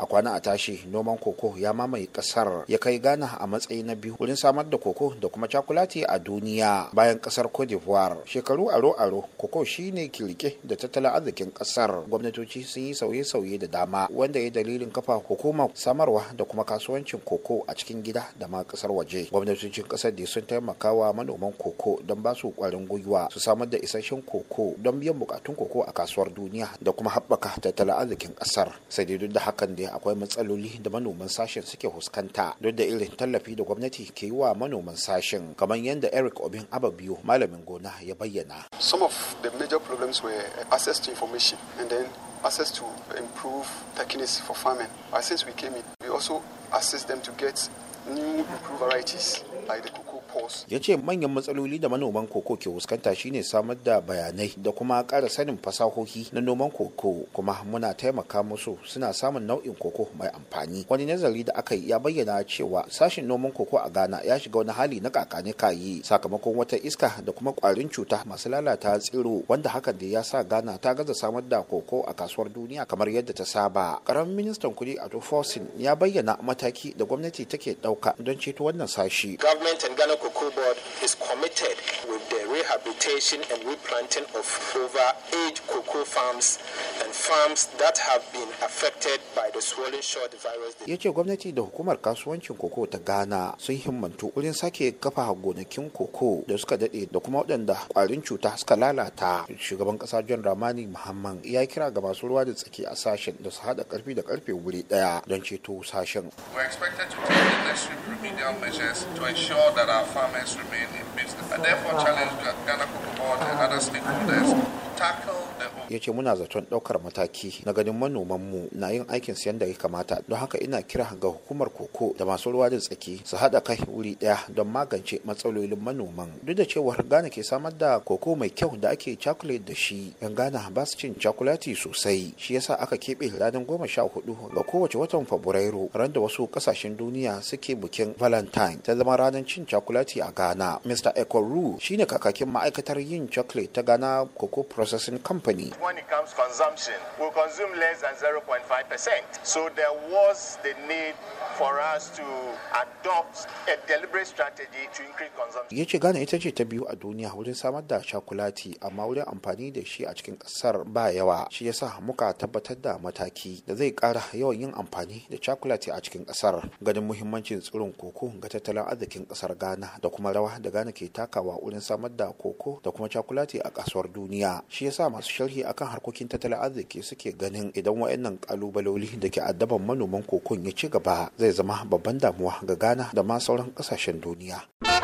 a kwana a tashi noman koko ya mamaye kasar ya kai ghana a matsayi na biyu wurin samar da koko da kuma cakulati a duniya bayan kasar cote d'ivoire shekaru aro aro koko shine kirke da tattalin arzikin kasar gwamnatoci sun yi sauye-sauye da dama wanda ya dalilin kafa hukumar samarwa da kuma kasuwancin koko a cikin gida da ma kasar waje gwamnatocin kasar da sun taimaka wa manoman koko don ba su kwarin gwiwa su samar da isasshen koko don biyan bukatun koko a kasuwar duniya da kuma haɓaka tattalin arzikin kasar sai dai duk da hakan da akwai matsaloli da manoman sashen suke fuskanta duk da irin tallafi da gwamnati ke yi wa manoman sashen kamar yadda Eric Obin Ababiyo malamin gona ya bayyana. Some of the major problems were access to information and then access to improve techniques for farming. Since we came in, we also assist them to get new improved varieties like the cocoa. ya ce manyan matsaloli da manoman koko ke fuskanta shine samar da bayanai da kuma kara sanin fasahohi na noman koko kuma muna taimaka musu suna samun nau'in koko mai amfani wani nazari da aka yi ya bayyana cewa sashin noman koko a ghana ya shiga wani hali na kakane kayi sakamakon wata iska da kuma ƙwarin cuta masu lalata tsiro wanda hakan da ya sa ghana ta gaza samar da koko a kasuwar duniya kamar yadda ta saba karamin ministan kuɗi a fosin ya bayyana mataki da gwamnati take ɗauka don ceto wannan sashi Cocoa Board is committed with the rehabilitation and replanting of over eight cocoa farms and farms that have been affected by the swollen short virus. Ya ce gwamnati da hukumar kasuwancin koko ta Ghana sun himmantu wurin sake kafa gonakin koko da suka daɗe da kuma waɗanda ƙwarin cuta suka lalata. Shugaban ƙasa John Ramani Muhammad ya kira ga masu ruwa da tsaki a sashen da su haɗa ƙarfi da ƙarfe wuri ɗaya don ceto sashen. We're expected to necessary remedial measures to ensure that our farmers remain in business. I therefore challenge Ghana Cocoa Board and other stakeholders ya ce muna zaton ɗaukar mataki na ganin manoman mu na yin aikin siyan da ya kamata don haka ina kira ga hukumar koko da masu ruwa da tsaki su haɗa kai wuri ɗaya don magance matsalolin manoman duk da cewar ghana ke samar da koko mai kyau da ake cakulet da shi yan ghana ba su cin cakulati sosai shi yasa aka keɓe ranar goma sha hudu ga kowace watan fabrairu ran da wasu ƙasashen duniya suke bikin valentine ta zama ranar cin cakulati a ghana mr ekoru shine kakakin ma'aikatar yin chocolate ta ghana koko Processing Company. When it comes consumption, we we'll consume less than 0.5%. So there was the need for us to adopt a deliberate strategy to increase consumption. Ya ce Ghana ita ce ta biyu a duniya wajen samar da shakulati amma wajen amfani da shi a cikin kasar ba yawa. Shi yasa muka tabbatar da mataki da zai kara yawan yin amfani da shakulati a cikin kasar. Ganin muhimmancin tsirin koko ga tattalin arzikin kasar Ghana da kuma rawa da Ghana ke takawa wurin samar da koko da kuma shakulati a kasuwar duniya. shi yasa masu sharhi akan harkokin tattalin arziki suke ganin idan wayannan kalubaloli da ke addaban manoman kokon ya ci gaba zai zama babban damuwa ga ghana da ma sauran kasashen duniya